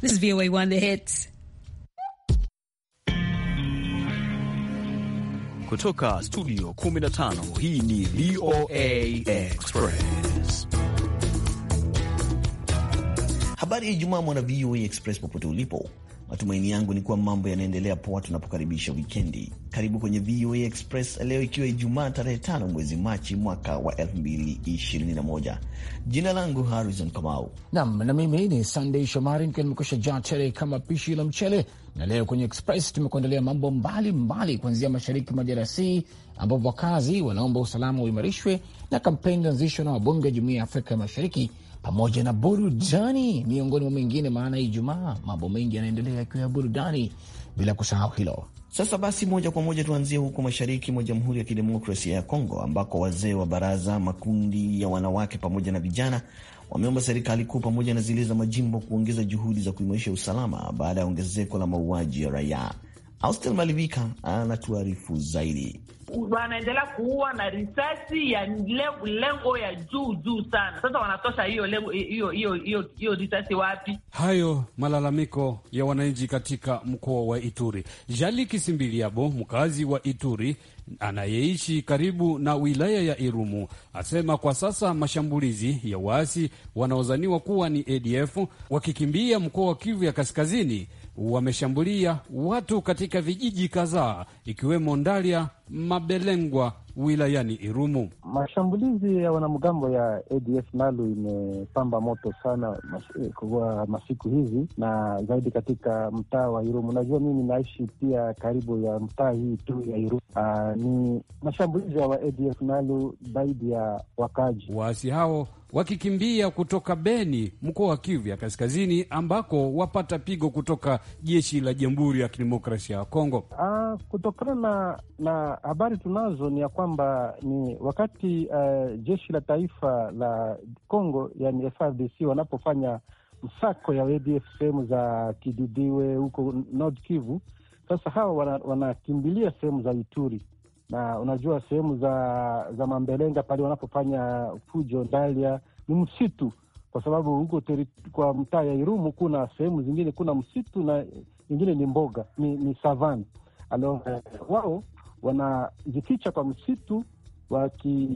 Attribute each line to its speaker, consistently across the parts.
Speaker 1: This is VOA One, the hits.
Speaker 2: Kutoka studio 15 hii ni VOA Express. Habari ya Ijumaa mwana VOA Express popote ulipo. Matumaini yangu ni kuwa mambo yanaendelea poa tunapokaribisha wikendi. Karibu kwenye VOA Express leo, ikiwa Ijumaa tarehe tano mwezi Machi mwaka wa
Speaker 3: 2021. Jina langu Harrison Kamau nam na mimi ni sandey Shomari, nikiwa nimekusha jaa tele kama pishi la mchele. Na leo kwenye Express tumekuandalia mambo mbalimbali, kuanzia mashariki mwa DRC ambapo wakazi wanaomba usalama uimarishwe na kampeni ilianzishwa na wabunge wa Jumuiya ya Afrika ya Mashariki pamoja na burudani miongoni mwa mengine, maana Ijumaa mambo mengi yanaendelea yakiwa ya burudani, bila kusahau hilo. Sasa basi, moja kwa
Speaker 2: moja tuanzie huko mashariki mwa Jamhuri ya Kidemokrasia ya Kongo, ambako wazee wa baraza, makundi ya wanawake pamoja na vijana wameomba serikali kuu pamoja na zile za majimbo kuongeza juhudi za kuimarisha usalama baada ya ongezeko la mauaji ya raia. Austel Malivika anatuarifu zaidi.
Speaker 1: Wanaendelea kuua na risasi ya lengo ya juu juu sana. Sasa wanatosha hiyo hiyo hiyo hiyo risasi wapi?
Speaker 4: Hayo malalamiko ya wananchi katika mkoa wa Ituri. Jali Kisimbiliabo, mkazi wa Ituri anayeishi karibu na wilaya ya Irumu, asema kwa sasa mashambulizi ya waasi wanaozaniwa kuwa ni ADF wakikimbia mkoa wa Kivu ya kaskazini wameshambulia watu katika vijiji kadhaa ikiwemo Ndalia Mabelengwa wilayani Irumu.
Speaker 5: Mashambulizi ya wanamgambo ya ADF NALU imepamba moto sana eh, kwa masiku hizi na zaidi katika mtaa wa Irumu. Najua mimi naishi pia karibu ya mtaa hii tu ya Irumu. Aa, ah, ni mashambulizi ya wa ADF NALU dhidi ya wakaji.
Speaker 4: Waasi hao wakikimbia kutoka Beni, mkoa wa Kivu ya Kaskazini, ambako wapata pigo kutoka jeshi la Jamhuri ya Kidemokrasia ya Kongo.
Speaker 5: Aa, ah, kutokana na, na habari tunazo ni ya kwamba ni wakati uh, jeshi la taifa la Congo yani FRDC wanapofanya msako ya ADF sehemu za Kididiwe huko Nord Kivu. Sasa hawa wanakimbilia wana sehemu za Ituri na unajua sehemu za za Mambelenga pale wanapofanya fujo Ndalia ni msitu, kwa sababu huko kwa mtaa ya Irumu kuna sehemu zingine kuna msitu na ingine ni mboga ni, ni savan Alo, wao wanajificha kwa msitu waki,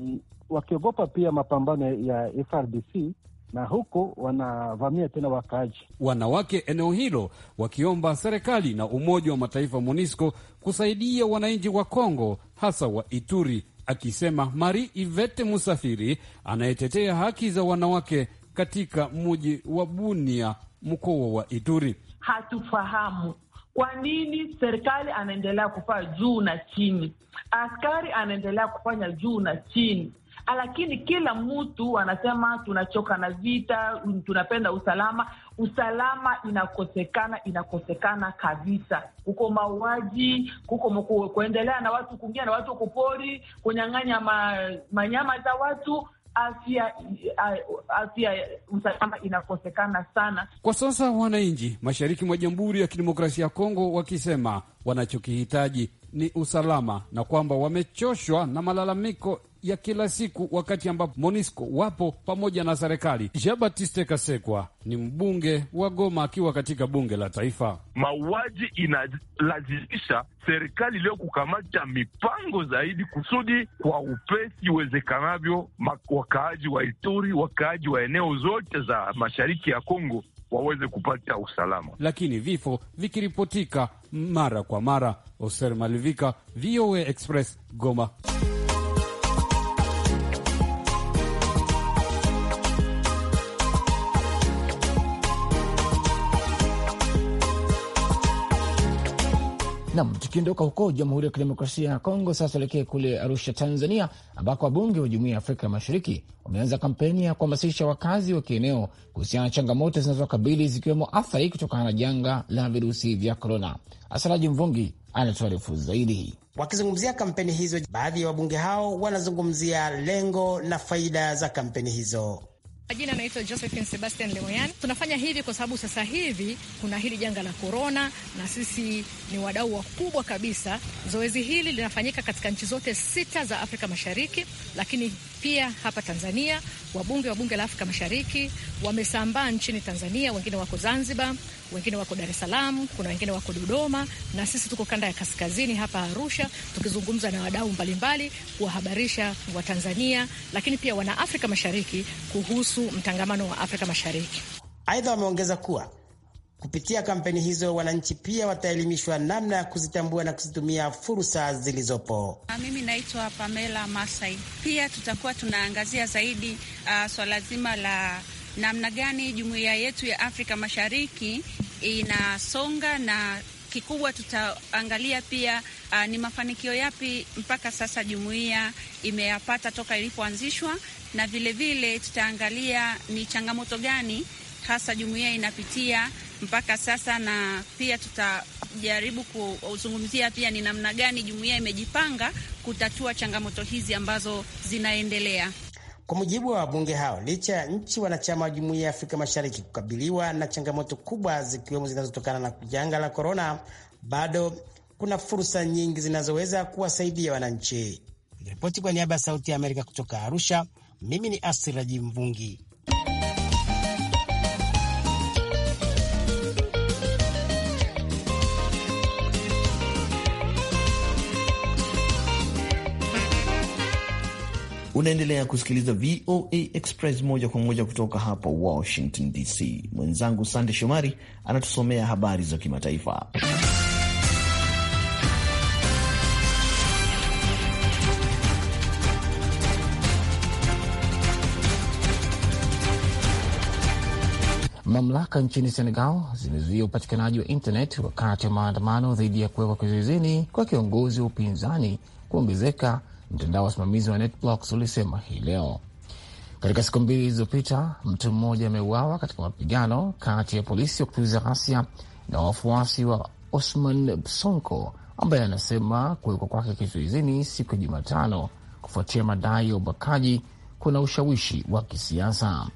Speaker 5: wakiogopa pia
Speaker 4: mapambano ya
Speaker 5: FRDC
Speaker 4: na huko wanavamia tena wakaaji wanawake eneo hilo, wakiomba serikali na Umoja wa Mataifa MONUSCO kusaidia wananchi wa Kongo hasa wa Ituri, akisema Mari Ivete Musafiri anayetetea haki za wanawake katika mji wa Bunia, mkoa wa Ituri.
Speaker 1: Hatufahamu kwa nini serikali anaendelea kufaa juu na chini, askari anaendelea kufanya juu na chini, lakini kila mtu anasema tunachoka na vita, tunapenda usalama. Usalama inakosekana, inakosekana kabisa. Kuko mauaji, kuko kuendelea na watu kuingia na watu kupori, kunyang'anya ma, manyama za watu afya uh, afya usalama inakosekana sana
Speaker 4: kwa sasa. Wananchi mashariki mwa Jamhuri ya Kidemokrasia ya Kongo wakisema wanachokihitaji ni usalama na kwamba wamechoshwa na malalamiko ya kila siku wakati ambapo Monisco wapo pamoja na serikali. Jean Batiste Kasekwa ni mbunge wa Goma akiwa katika bunge la taifa. Mauaji inalazimisha serikali leo kukamata mipango zaidi kusudi kwa upesi iwezekanavyo wakaaji wa Ituri, wakaaji wa eneo zote za mashariki ya Kongo waweze kupata usalama, lakini vifo vikiripotika mara kwa mara. Oser Malivika, VOA Express, Goma.
Speaker 3: Nam, tukiondoka huko Jamhuri ya Kidemokrasia ya Kongo, sasa tuelekee kule Arusha, Tanzania, ambako wabunge wa Jumuiya ya Afrika Mashariki wameanza kampeni ya kuhamasisha wakazi wa kieneo kuhusiana na changamoto zinazokabili zikiwemo athari kutokana na janga la virusi vya korona. Asaraji Mvungi anatuarifu zaidi. Wakizungumzia kampeni hizo, baadhi ya wabunge hao wanazungumzia lengo na faida za kampeni hizo.
Speaker 6: Majina anaitwa Josephine Sebastian Leoyan. Tunafanya hivi kwa sababu sasa hivi kuna hili janga la korona, na sisi ni wadau wakubwa kabisa. Zoezi hili linafanyika katika nchi zote sita za Afrika Mashariki, lakini pia hapa Tanzania wabunge wa bunge la Afrika Mashariki wamesambaa nchini Tanzania, wengine wako Zanzibar, wengine wako Dar es Salaam, kuna wengine wako Dodoma, na sisi tuko kanda ya kaskazini hapa Arusha, tukizungumza na wadau mbalimbali kuwahabarisha Watanzania lakini pia wana Afrika Mashariki kuhusu mtangamano wa Afrika Mashariki.
Speaker 7: Aidha, wameongeza kuwa
Speaker 3: Kupitia kampeni hizo, wananchi pia wataelimishwa namna ya kuzitambua na kuzitumia fursa zilizopo.
Speaker 1: Ah, mimi naitwa Pamela Masai. Pia tutakuwa tunaangazia zaidi uh, swala zima la namna gani jumuiya yetu ya Afrika Mashariki inasonga na kikubwa tutaangalia pia uh, ni mafanikio yapi mpaka sasa jumuiya imeyapata toka ilipoanzishwa, na vilevile vile tutaangalia ni changamoto gani hasa jumuiya inapitia mpaka sasa, na pia tutajaribu kuzungumzia pia ni namna gani jumuiya imejipanga kutatua changamoto hizi ambazo zinaendelea.
Speaker 3: Kwa mujibu wa wabunge hao, licha ya nchi wanachama wa jumuiya ya Afrika Mashariki kukabiliwa na changamoto kubwa zikiwemo zinazotokana na janga la korona, bado kuna fursa nyingi zinazoweza kuwasaidia wananchi. Ripoti kwa niaba ya Sauti ya Amerika kutoka Arusha, mimi ni Asiraji Mvungi.
Speaker 2: Unaendelea kusikiliza VOA Express moja kwa moja kutoka hapa Washington DC. Mwenzangu Sande Shomari anatusomea habari za kimataifa.
Speaker 3: Mamlaka nchini Senegal zimezuia upatikanaji wa intanet wakati wa maandamano dhidi ya kuwekwa kizuizini kwa kiongozi wa upinzani kuongezeka mtandao wa wasimamizi wa NetBlocks ulisema hii leo. Katika siku mbili zilizopita, mtu mmoja ameuawa katika mapigano kati ya polisi wa kutuliza ghasia na wafuasi wa Osman Sonko ambaye anasema kuwekwa kwake kizuizini siku ya Jumatano kufuatia madai ya ubakaji kuna ushawishi wa kisiasa.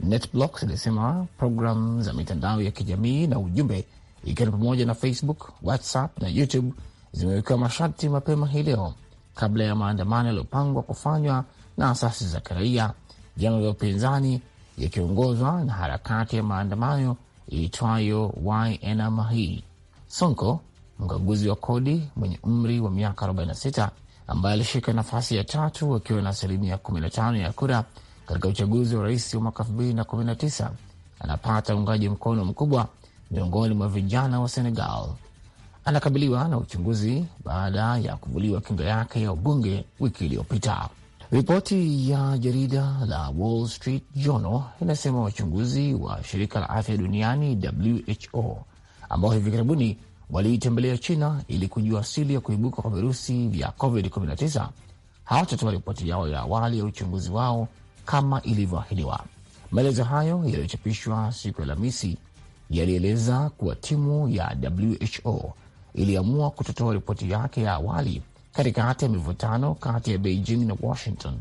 Speaker 3: NetBlocks ilisema programu za mitandao ya kijamii na ujumbe, ikiwa ni pamoja na Facebook, WhatsApp na YouTube zimewekewa masharti mapema hii leo kabla ya maandamano yaliyopangwa kufanywa na asasi za kiraia, vyama vya upinzani yakiongozwa na harakati ya maandamano iitwayo YNMHI. Sonko, mkaguzi wa kodi mwenye umri wa miaka 46, ambaye alishika nafasi ya tatu akiwa na asilimia 15 ya kura katika uchaguzi wa rais wa mwaka 2019, anapata uungaji mkono mkubwa miongoni mwa vijana wa Senegal anakabiliwa na uchunguzi baada ya kuvuliwa kinga yake ya ubunge wiki iliyopita. Ripoti ya jarida la Wall Street Journal inasema wachunguzi wa shirika la afya duniani WHO ambao hivi karibuni waliitembelea China ili kujua asili ya kuibuka kwa virusi vya COVID-19 hawatatoa ripoti yao ya awali ya uchunguzi wao kama ilivyoahidiwa. Maelezo hayo yaliyochapishwa siku ya Alhamisi yalieleza kuwa timu ya WHO iliamua kutotoa ripoti yake ya awali katikati ya mivutano kati ya Beijing na Washington.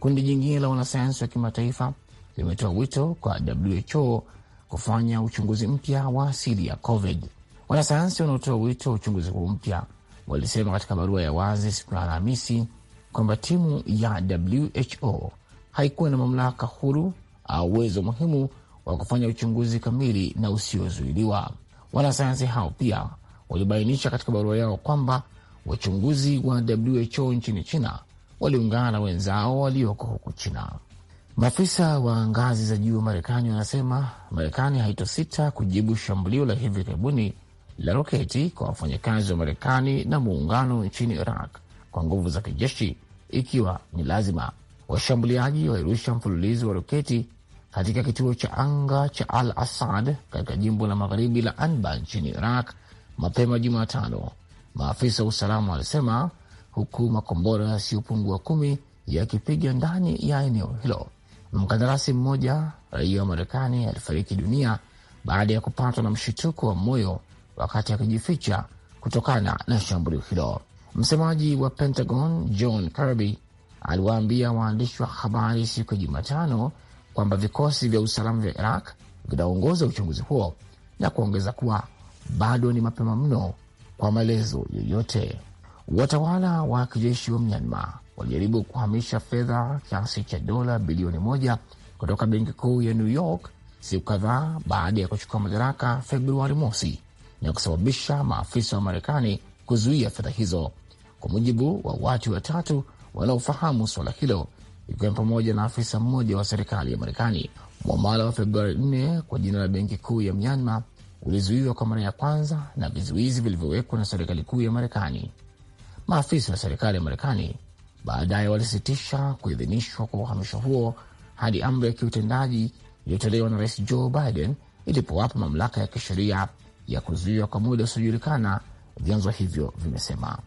Speaker 3: Kundi jingine la wanasayansi wa kimataifa limetoa wito kwa WHO kufanya uchunguzi mpya wa asili ya COVID. Wanasayansi wanaotoa wito wa uchunguzi huu mpya walisema katika barua ya wazi siku ya Alhamisi kwamba timu ya WHO haikuwa na mamlaka huru au uwezo muhimu wa kufanya uchunguzi kamili na usiozuiliwa. Wanasayansi hao pia walibainisha katika barua yao kwamba wachunguzi wa WHO nchini China waliungana na wenzao walioko huku China. Maafisa wa ngazi za juu wa Marekani wanasema Marekani haitosita kujibu shambulio la hivi karibuni la roketi kwa wafanyakazi wa Marekani na muungano nchini Iraq kwa nguvu za kijeshi ikiwa ni lazima. Washambuliaji walirusha mfululizo wa roketi katika kituo cha anga cha Al Asad katika jimbo la magharibi la Anba nchini Iraq mapema Jumatano, maafisa wa usalama walisema, huku makombora yasiyopungua kumi yakipiga ndani ya eneo hilo. Mkandarasi mmoja raia wa Marekani alifariki dunia baada ya kupatwa na mshituko wa moyo wakati akijificha kutokana na shambulio hilo. Msemaji wa Pentagon John Kirby aliwaambia waandishi wa habari siku ya Jumatano kwamba vikosi vya usalama vya Iraq vinaongoza uchunguzi huo na kuongeza kuwa bado ni mapema mno kwa maelezo yoyote. Watawala wa kijeshi wa Myanmar walijaribu kuhamisha fedha kiasi cha dola bilioni moja kutoka benki kuu ya New York siku kadhaa baada ya kuchukua madaraka Februari mosi na kusababisha maafisa wa Marekani kuzuia fedha hizo, kwa mujibu wa watu watatu wanaofahamu suala hilo, ikiwa ni pamoja na afisa mmoja wa serikali ya Marekani. Mwamala wa Februari 4 kwa jina la benki kuu ya Myanmar ulizuiwa kwa mara ya kwanza na vizuizi vilivyowekwa na serikali kuu ya Marekani. Maafisa wa serikali ya Marekani baadaye walisitisha kuidhinishwa kwa uhamisho huo hadi amri ya kiutendaji iliyotolewa na Rais Joe Biden ilipowapa mamlaka ya kisheria ya kuzuiwa kwa muda usiojulikana, vyanzo hivyo vimesema.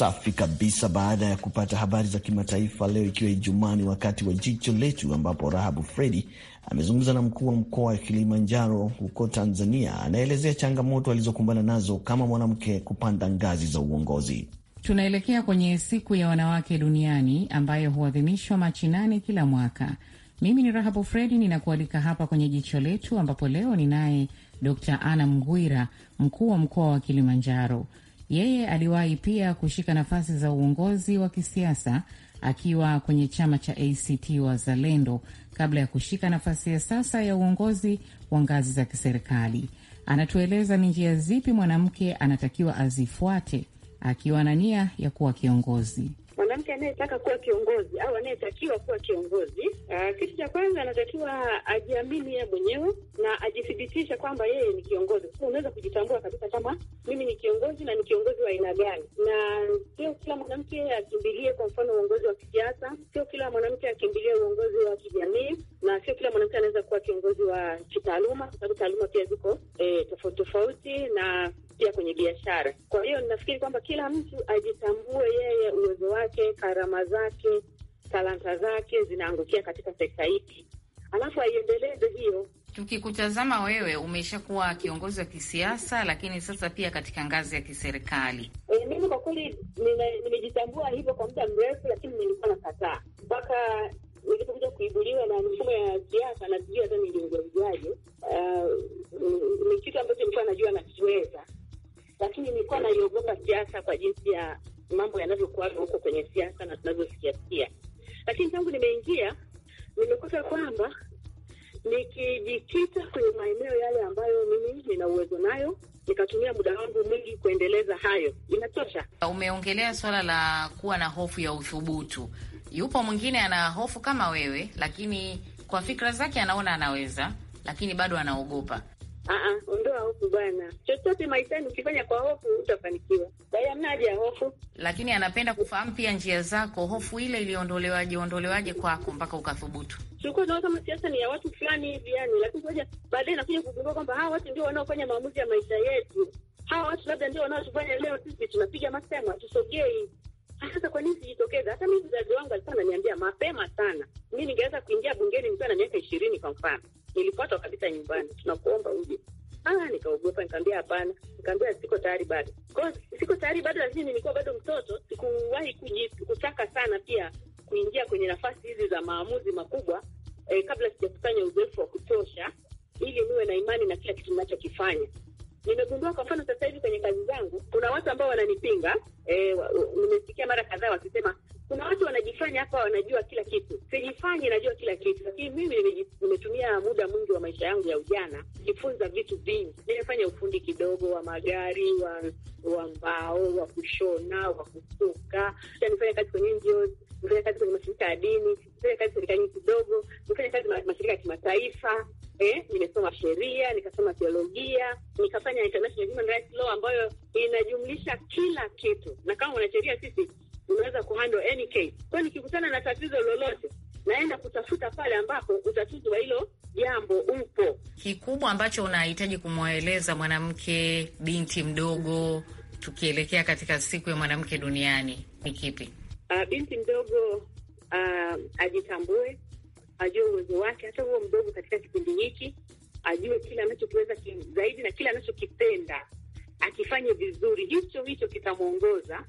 Speaker 2: Safi kabisa. Baada ya kupata habari za kimataifa leo, ikiwa Ijumaa, ni wakati wa jicho letu, ambapo Rahabu Fredi amezungumza na mkuu wa mkoa wa Kilimanjaro huko Tanzania. Anaelezea changamoto alizokumbana nazo kama mwanamke kupanda ngazi za uongozi.
Speaker 6: Tunaelekea kwenye siku ya wanawake duniani ambayo huadhimishwa Machi nane kila mwaka. Mimi ni Rahabu Fredi, ninakualika hapa kwenye jicho letu, ambapo leo ninaye Dr Ana Mgwira, mkuu wa mkoa wa Kilimanjaro. Yeye aliwahi pia kushika nafasi za uongozi wa kisiasa akiwa kwenye chama cha ACT Wazalendo kabla ya kushika nafasi ya sasa ya uongozi wa ngazi za kiserikali. Anatueleza ni njia zipi mwanamke anatakiwa azifuate akiwa na nia ya kuwa kiongozi
Speaker 1: mwanamke anayetaka kuwa kiongozi au anayetakiwa kuwa kiongozi, uh, kitu cha kwanza anatakiwa ajiamini yeye mwenyewe na ajithibitishe kwamba yeye ni kiongozi. Unaweza kujitambua kabisa kama mimi ni kiongozi na ni kiongozi wa aina gani, na sio kila mwanamke akimbilie kwa mfano uongozi wa kisiasa, sio kila mwanamke akimbilie uongozi wa kijamii, na sio kila mwanamke anaweza kuwa kiongozi wa kitaaluma, kwa sababu taaluma pia ziko eh, tofauti tofauti na pia kwenye biashara. Kwa hiyo ninafikiri kwamba kila mtu ajitambue yeye uwezo wake, karama zake, talanta zake zinaangukia katika sekta ipi, alafu aiendeleze hiyo.
Speaker 6: Tukikutazama wewe, umeshakuwa kiongozi wa kisiasa, lakini sasa pia katika ngazi ya kiserikali.
Speaker 1: E, mimi kwa kweli nimejitambua hivyo kwa muda mrefu, lakini nilikuwa kataa mpaka nilipokuja kuibuliwa na mifumo ya siasa na sijui hata Uh, ni kitu ambacho nilikuwa najua nakiweza, lakini nilikuwa naiogopa siasa kwa jinsi ya mambo yanavyokuwa huko kwenye siasa na tunavyosikia lakini tangu nimeingia nimekuta kwamba nikijikita kwenye maeneo yale ambayo mimi nina uwezo nayo nikatumia muda wangu mwingi kuendeleza hayo, inatosha.
Speaker 6: Umeongelea swala la kuwa na hofu ya uthubutu. Yupo mwingine ana hofu kama wewe, lakini kwa fikra zake anaona anaweza, lakini bado anaogopa.
Speaker 1: Uh-uh, ondoa hofu bwana, chochote maishani ukifanya kwa hofu utafanikiwa. haja
Speaker 6: ya hofu, lakini anapenda kufahamu pia njia zako. Hofu ile iliondolewaje, ondolewaje kwako mpaka ukathubutu?
Speaker 1: Tulikuwa tunaona kama siasa ni ya watu fulani hivi yani, lakini baadaye nakuja kugundua kwamba hawa watu ndio wanaofanya maamuzi ya maisha yetu. Hawa watu labda ndio wanaotufanya leo sisi tunapiga masema tusogei sasa kwa nini sijitokeza? Hata mimi mzazi wangu alikuwa ananiambia mapema sana, mi ningeweza kuingia bungeni nikiwa na miaka ishirini kwa mfano, nilifuatwa kabisa nyumbani, tunakuomba uje. Ah, nikaogopa, nikaambia hapana, nikaambia siko tayari bado. siko tayari bado, lakini nilikuwa bado mtoto, sikuwahi kutaka sana pia kuingia kwenye nafasi hizi za maamuzi makubwa eh, kabla sijakusanya uzoefu wa kutosha ili niwe na imani na kila kitu ninachokifanya. Nimegundua kwa mfano sasa hivi kwenye kazi zangu kuna watu ambao wananipinga eh, nimesikia mara kadhaa wakisema kuna watu wanajifanya hapa wanajua kila kitu. Sijifanye najua kila kitu, lakini mimi nimetumia muda mwingi wa maisha yangu ya ujana kujifunza vitu vingi. Nimefanya ufundi kidogo wa magari, wa wa mbao, wa kushona, wa kusuka. Nifanya kazi kwenye NGOs, nifanya kazi kwenye mashirika ya dini, nifanya kazi serikalini kidogo, nifanya kazi mashirika ya kimataifa. Eh, nimesoma sheria, nikasoma teolojia, nikafanya international human rights law ambayo inajumlisha kila kitu, na kama mwanasheria sisi unaweza kuhandle any case. Kwa nikikutana na tatizo lolote naenda kutafuta pale ambapo utatuzi wa hilo jambo upo.
Speaker 6: Kikubwa ambacho unahitaji kumweleza mwanamke, binti mdogo, tukielekea katika siku ya mwanamke duniani ni kipi?
Speaker 1: Uh, binti mdogo uh, ajitambue, ajue uwezo wake, hata huo mdogo katika kipindi hiki, ajue kile anachokiweza zaidi na kile anachokipenda, akifanye vizuri, hicho hicho kitamwongoza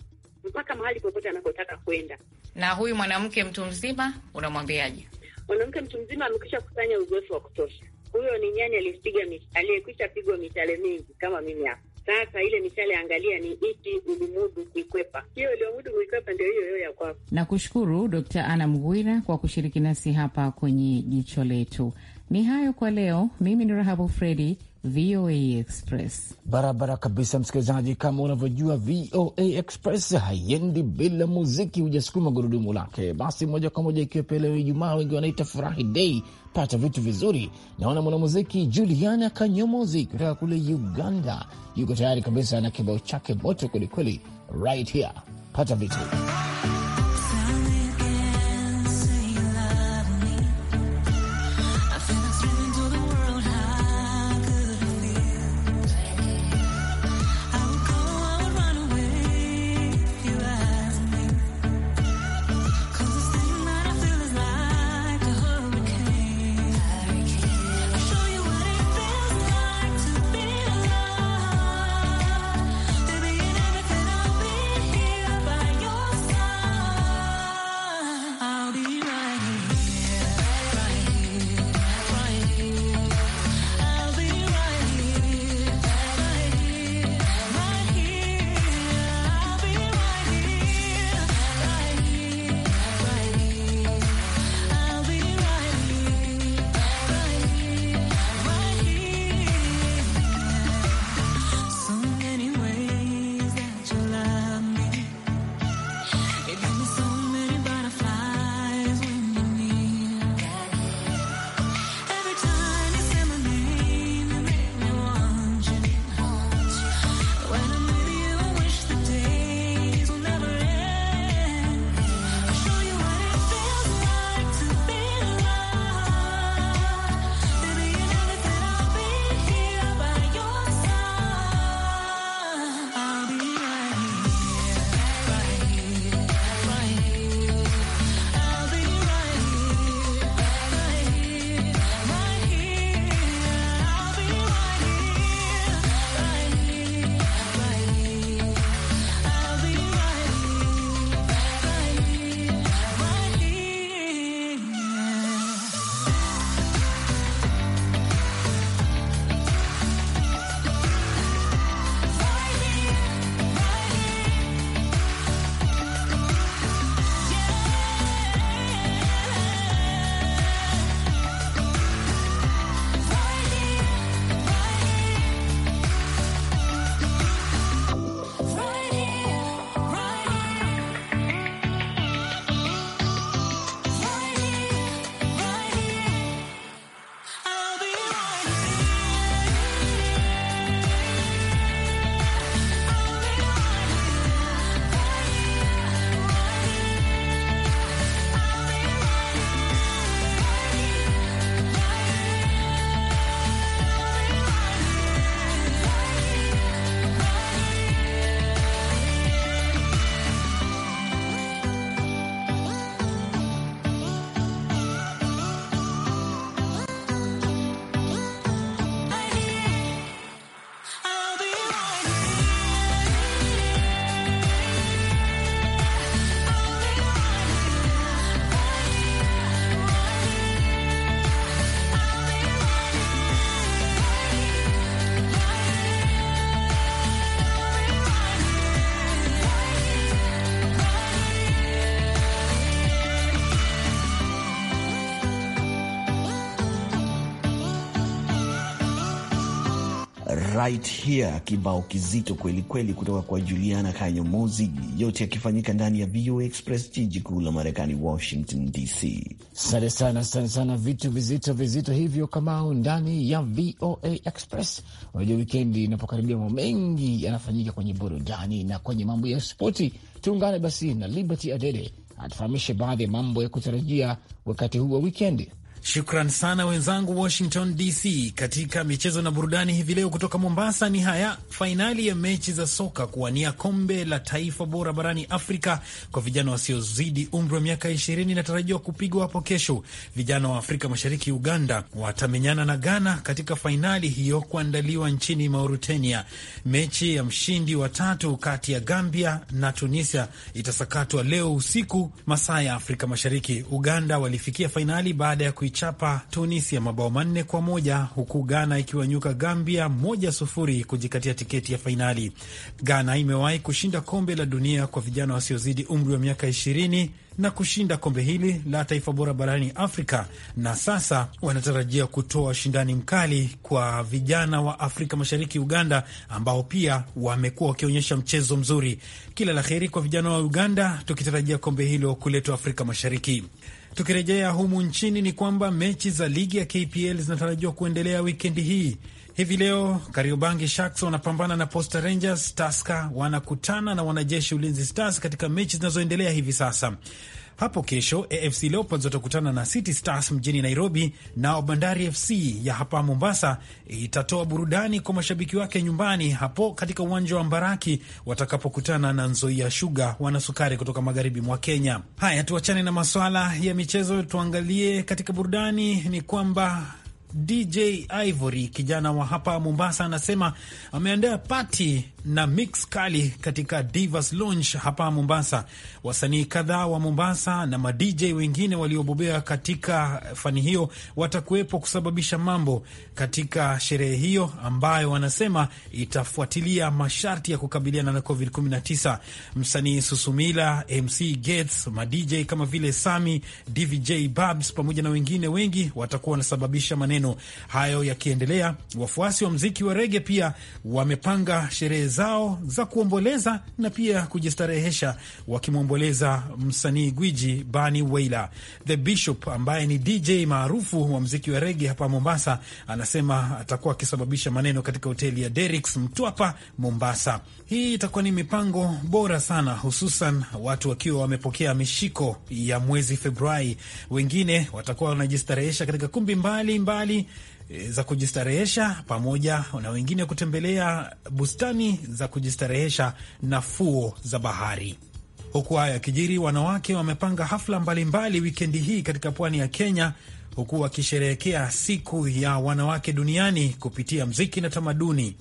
Speaker 1: mpaka mahali popote anakotaka kwenda.
Speaker 6: Na huyu mwanamke mtu mzima
Speaker 1: unamwambiaje? Mwanamke mtu mzima amekwisha kusanya uzoefu wa kutosha. Huyo ni nyani aliyepiga aliyekwisha pigwa mishale mingi kama mimi hapa. Sasa ile mishale angalia ni ipi ulimudu kuikwepa. Hiyo iliyomudu kuikwepa ndio hiyo hiyo ya kwako.
Speaker 6: Nakushukuru Dkt. Anna Mgwira kwa kushiriki nasi hapa kwenye jicho letu. Ni hayo kwa leo. Mimi ni Rahabu Fredi
Speaker 3: VOA Express barabara kabisa, msikilizaji. Kama unavyojua, VOA Express haiendi bila muziki, hujasukuma gurudumu lake. Basi moja kwa moja, ikiwa pia leo Ijumaa, wengi wanaita furahi dei, pata vitu vizuri. Naona mwanamuziki Juliana Kanyomozi kutoka kule Uganda yuko tayari kabisa na kibao chake moto kwelikweli, right here, pata vitu
Speaker 2: Right Here, kibao kizito kweli kweli kutoka kwa Juliana Kanyomozi, yote yakifanyika ndani ya VOA Express, jiji kuu la Marekani, Washington DC.
Speaker 3: sante sana, sante sana, vitu vizito vizito hivyo kamao ndani ya VOA Express. Unajua wikendi inapokaribia, mambo mengi yanafanyika kwenye burudani na kwenye mambo ya spoti. Tuungane basi na Liberty Adede atufahamishe baadhi ya mambo ya kutarajia wakati
Speaker 7: huu wa wikendi. Shukran sana wenzangu Washington DC. Katika michezo na burudani hivi leo kutoka Mombasa ni haya: fainali ya mechi za soka kuwania kombe la taifa bora barani Afrika kwa vijana wasiozidi umri wa miaka ishirini inatarajiwa kupigwa hapo kesho. Vijana wa Afrika Mashariki, Uganda watamenyana na Ghana katika fainali hiyo kuandaliwa nchini Mauritania. Mechi ya mshindi wa tatu kati ya Gambia na Tunisia itasakatwa leo usiku masaa ya Afrika Mashariki. Uganda walifikia fainali baada ya kui kuichapa Tunisia mabao manne kwa moja huku Ghana ikiwanyuka Gambia moja sufuri kujikatia tiketi ya fainali. Ghana imewahi kushinda kombe la dunia kwa vijana wasiozidi umri wa miaka ishirini na kushinda kombe hili la taifa bora barani Afrika, na sasa wanatarajia kutoa ushindani mkali kwa vijana wa Afrika Mashariki, Uganda, ambao pia wamekuwa wakionyesha mchezo mzuri. Kila la heri kwa vijana wa Uganda, tukitarajia kombe hilo kuletwa Afrika Mashariki. Tukirejea humu nchini ni kwamba mechi za ligi ya KPL zinatarajiwa kuendelea wikendi hii. Hivi leo Kariobangi Sharks wanapambana na Posta Rangers, Taska wanakutana na wanajeshi Ulinzi Stars katika mechi zinazoendelea hivi sasa. Hapo kesho AFC Leopards watakutana na City Stars mjini Nairobi, nao Bandari FC ya hapa Mombasa itatoa burudani kwa mashabiki wake nyumbani hapo katika uwanja wa Mbaraki watakapokutana na Nzoia Sugar wanasukari kutoka magharibi mwa Kenya. Haya, tuachane na maswala ya michezo, tuangalie katika burudani. Ni kwamba DJ Ivory, kijana wa hapa Mombasa, anasema ameandaa pati na mix kali katika Divas Lounge hapa Mombasa. Wasanii kadhaa wa Mombasa na ma DJ wengine waliobobea katika fani hiyo watakuwepo kusababisha mambo katika sherehe hiyo ambayo wanasema itafuatilia masharti ya kukabiliana na COVID-19. Msanii Susumila, MC Gates, ma DJ kama vile Sami, DVJ Babs pamoja na wengine wengi watakuwa wanasababisha maneno maneno hayo yakiendelea, wafuasi wa mziki wa rege pia wamepanga sherehe zao za kuomboleza na pia kujistarehesha wakimwomboleza msanii gwiji Bani Waila. The Bishop ambaye ni DJ maarufu wa mziki wa rege hapa Mombasa anasema atakuwa akisababisha maneno katika hoteli ya Derricks Mtwapa, Mombasa. Hii itakuwa ni mipango bora sana, hususan watu wakiwa wamepokea mishiko ya mwezi Februari. Wengine watakuwa wanajistarehesha katika kumbi mbalimbali mbali mbalimbali e, za kujistarehesha pamoja na wengine kutembelea bustani za kujistarehesha na fuo za bahari. Huku haya yakijiri, wanawake wamepanga hafla mbalimbali wikendi hii katika pwani ya Kenya, huku wakisherehekea siku ya wanawake duniani kupitia mziki na tamaduni.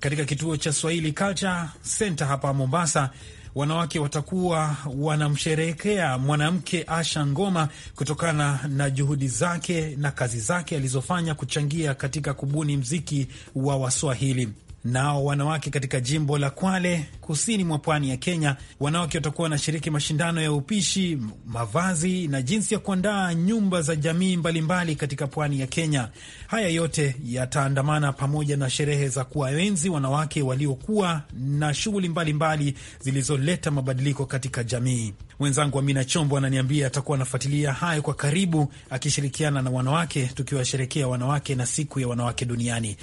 Speaker 7: Katika kituo cha Swahili Culture Center hapa Mombasa, wanawake watakuwa wanamsherehekea mwanamke Asha Ngoma kutokana na juhudi zake na kazi zake alizofanya kuchangia katika kubuni mziki wa Waswahili. Nao wanawake katika jimbo la Kwale, kusini mwa pwani ya Kenya, wanawake watakuwa wanashiriki mashindano ya upishi, mavazi na jinsi ya kuandaa nyumba za jamii mbalimbali mbali katika pwani ya Kenya. Haya yote yataandamana pamoja na sherehe za kuwaenzi wanawake waliokuwa na shughuli mbalimbali zilizoleta mabadiliko katika jamii. Mwenzangu Amina Chombo ananiambia atakuwa anafuatilia hayo kwa karibu, akishirikiana na wanawake, tukiwasherekea wanawake na siku ya wanawake duniani.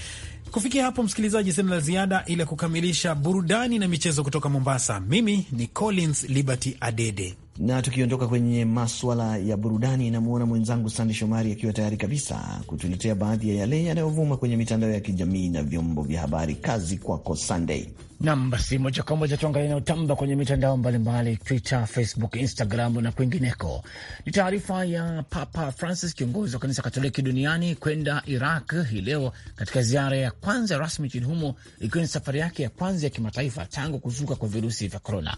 Speaker 7: Kufikia hapo, msikilizaji, sina la ziada ila kukamilisha burudani na michezo kutoka Mombasa. Mimi ni Collins Liberty Adede.
Speaker 2: Na tukiondoka kwenye maswala ya burudani, namwona mwenzangu Sandi Shomari akiwa tayari kabisa kutuletea baadhi ya yale yanayovuma kwenye mitandao ya kijamii na vyombo vya habari. Kazi kwako Sandey.
Speaker 3: Nam, basi moja kwa moja tuangalie inayotamba kwenye mitandao mbalimbali, Twitter, Facebook, Instagram na kwingineko. Ni taarifa ya Papa Francis, kiongozi wa kanisa Katoliki duniani, kwenda Iraq hii leo katika ziara ya kwanza rasmi nchini humo, ikiwa ni safari yake ya kwanza ya kimataifa tangu kuzuka kwa virusi vya korona.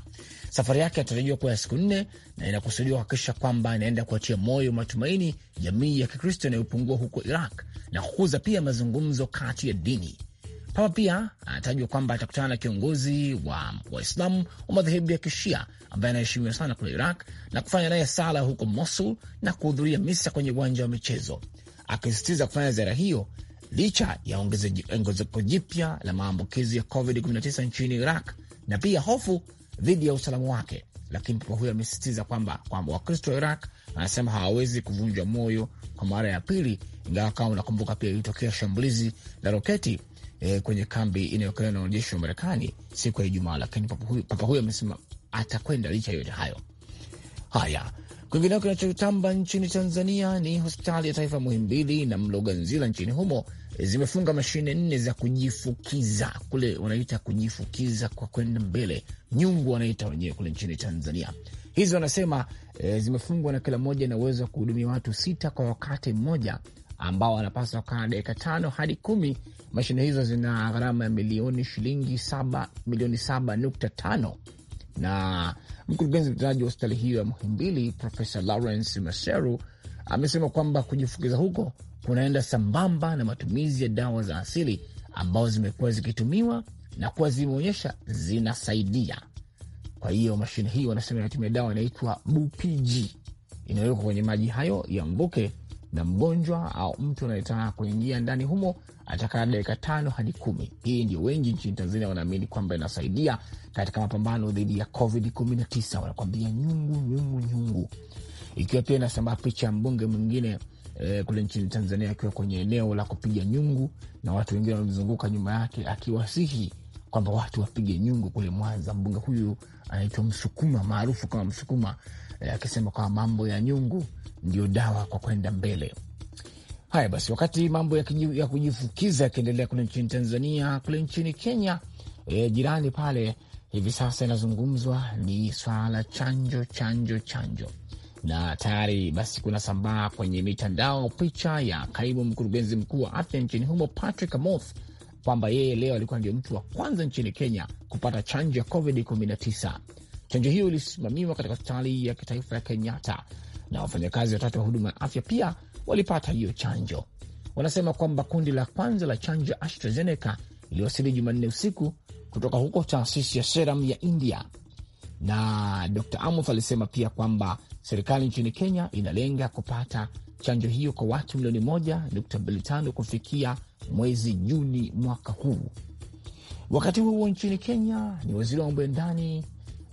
Speaker 3: Safari yake inatarajiwa kuwa ya siku nne na inakusudiwa kuhakikisha kwamba inaenda kuachia moyo matumaini jamii ya Kikristo inayopungua huko Iraq na kukuza pia mazungumzo kati ya dini. Papa pia anatajwa kwamba atakutana na kiongozi wa Waislamu wa, wa madhehebu ya Kishia ambaye anaheshimiwa sana kule Iraq na kufanya naye sala huko Mosul na kuhudhuria misa kwenye uwanja wa michezo, akisisitiza kufanya ziara hiyo licha ya ongezeko jipya la maambukizi ya COVID-19 nchini Iraq na pia hofu dhidi ya usalama wake lakini papa huyo amesisitiza kwamba kwamba Wakristo wa Iraq anasema hawawezi kuvunjwa moyo kwa mara ya pili, ingawa kama unakumbuka pia ilitokea shambulizi la roketi eh, kwenye kambi inayokaliwa na wanajeshi wa Marekani siku ya Ijumaa, lakini papa huyo amesema atakwenda licha yote hayo haya Kwingineo, kinachotamba nchini Tanzania ni hospitali ya taifa Muhimbili na Mloganzila nchini humo e, zimefunga mashine nne za kujifukiza, kule wanaita kujifukiza kwa kwenda mbele, nyungu wanaita wenyewe kule nchini Tanzania. Hizi wanasema e, zimefungwa na kila moja na uwezo wa kuhudumia watu sita kwa wakati mmoja, ambao wanapaswa kukaa dakika tano hadi kumi. Mashine hizo zina gharama ya milioni shilingi saba, milioni saba nukta tano na mkurugenzi mtendaji wa hospitali hiyo ya Muhimbili Profesa Lawrence Maseru amesema kwamba kujifukiza huko kunaenda sambamba na matumizi ya dawa za asili ambazo zimekuwa zikitumiwa na kuwa zimeonyesha zinasaidia. Kwa hiyo mashine hii wanasema inatumia dawa inaitwa BPG inayowekwa kwenye maji hayo ya mvuke, na mgonjwa au mtu anayetaka kuingia ndani humo atakaa dakika tano hadi kumi. Hii ndio wengi nchini Tanzania wanaamini kwamba inasaidia katika mapambano dhidi ya COVID-19, Wanakwambia nyungu nyungu nyungu, ikiwa pia inasambaa picha ya mbunge mwingine E, kule nchini Tanzania akiwa kwenye eneo la kupiga nyungu na watu wengine wamezunguka nyuma yake akiwasihi kwamba watu wapige nyungu kule Mwanza. Mbunge huyu anaitwa Msukuma maarufu kama Msukuma e, akisema kwamba mambo ya nyungu ndio dawa kwa kwenda mbele. Haya basi, wakati mambo ya, kiju, ya kujifukiza yakiendelea kule nchini Tanzania, kule nchini Kenya e, jirani pale hivi sasa inazungumzwa ni swala la chanjo, chanjo, chanjo, na tayari basi kuna sambaa kwenye mitandao picha ya kaimu mkurugenzi mkuu wa afya nchini humo Patrick Amoth kwamba yeye leo alikuwa ndio mtu wa kwanza nchini Kenya kupata chanjo ya COVID 19. Chanjo hiyo ilisimamiwa katika hospitali ya kitaifa ya Kenyatta na wafanyakazi watatu wa huduma ya afya pia walipata hiyo chanjo. Wanasema kwamba kundi la kwanza la chanjo ya AstraZeneca iliwasili Jumanne usiku kutoka huko taasisi ya Seram ya India. Na Dr Amuth alisema pia kwamba serikali nchini Kenya inalenga kupata chanjo hiyo kwa watu milioni moja nukta mbili tano kufikia mwezi Juni mwaka huu. Wakati huo nchini Kenya ni waziri wa mambo ya ndani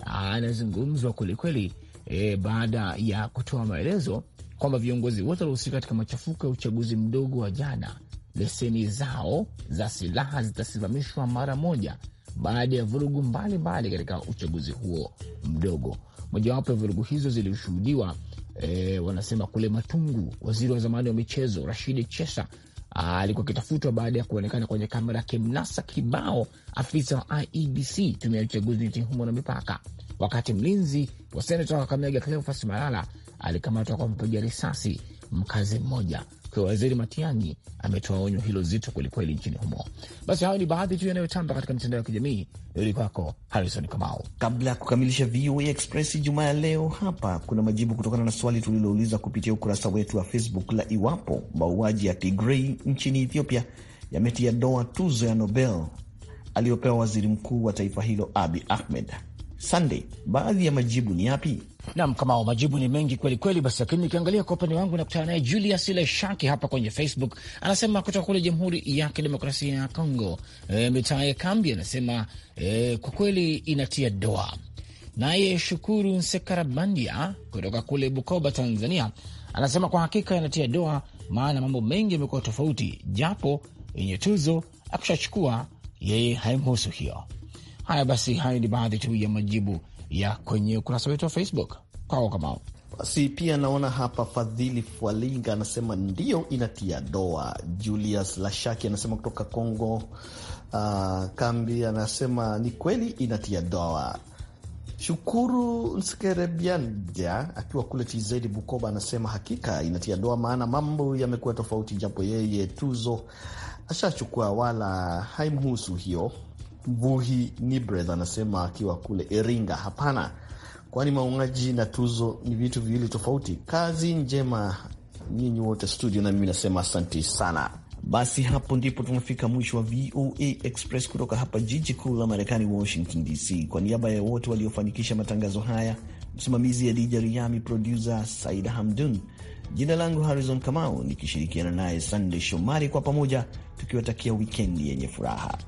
Speaker 3: ah, anazungumzwa kwelikweli, e, baada ya kutoa maelezo kwamba viongozi wote waliohusika katika machafuko ya uchaguzi mdogo wa jana, leseni zao za silaha zitasimamishwa mara moja baada ya vurugu mbalimbali katika uchaguzi huo mdogo. Mojawapo ya vurugu hizo zilishuhudiwa e, wanasema kule Matungu, waziri wa zamani wa michezo Rashid Chesa ah, alikuwa akitafutwa baada ya kuonekana kwenye kamera kimnasa kibao afisa wa IEBC, tume ya uchaguzi nchini humo na mipaka, wakati mlinzi wa seneta wa Kakamega Cleofas Malala alikamatwa kwa mpiga risasi mkazi mmoja kwa waziri Matiang'i ametoa onyo hilo zito kwelikweli nchini humo. Basi hayo ni baadhi tu yanayotamba katika mitandao ya kijamii. Rudi kwako Harrison Kamau. Kabla ya kukamilisha VOA
Speaker 2: Express Jumaa ya leo, hapa kuna majibu kutokana na swali tulilouliza kupitia ukurasa wetu wa Facebook la iwapo mauaji ya Tigrei nchini Ethiopia yametia doa tuzo ya Nobel aliyopewa waziri mkuu wa taifa hilo Abi Ahmed. Sunday, baadhi
Speaker 3: ya majibu ni yapi? Nam o, majibu ni mengi kweli kweli. Basi lakini nikiangalia kwa upande wangu nakutana naye Julius Leshaki hapa kwenye Facebook, anasema kutoka kule Jamhuri ya Kidemokrasia ya Kongo, e, mitaa ya kambi, anasema e, kwa kweli inatia doa. Naye Shukuru Nsekarabandia kutoka kule Bukoba, Tanzania, anasema kwa hakika inatia doa, maana mambo mengi yamekuwa tofauti, japo yenye tuzo akushachukua yeye haimhusu hiyo. Haya basi, hayo ni baadhi tu ya majibu ya kwenye ukurasa wetu wa Facebook. Kwao kama
Speaker 2: Basi pia naona hapa Fadhili Fwalinga anasema ndio inatia doa. Julius Lashaki anasema kutoka congo uh, ah, kambi anasema ni kweli inatia doa. Shukuru Nskerebianja akiwa kule TZ Bukoba anasema hakika inatia doa, maana mambo yamekuwa tofauti, japo yeye tuzo ashachukua wala haimhusu hiyo Mbuhi Nibreth anasema akiwa kule Iringa, hapana, kwani maungaji na tuzo ni vitu viwili tofauti. Kazi njema nyinyi wote studio, na mimi nasema asanti sana. Basi hapo ndipo tunafika mwisho wa VOA Express kutoka hapa jiji kuu la Marekani, Washington DC. Kwa niaba ya wote waliofanikisha matangazo haya, msimamizi Adija Riami, produsa Saida Hamdun, jina langu Harrison Kamau nikishirikiana naye Sandey Shomari, kwa pamoja tukiwatakia wikendi yenye furaha.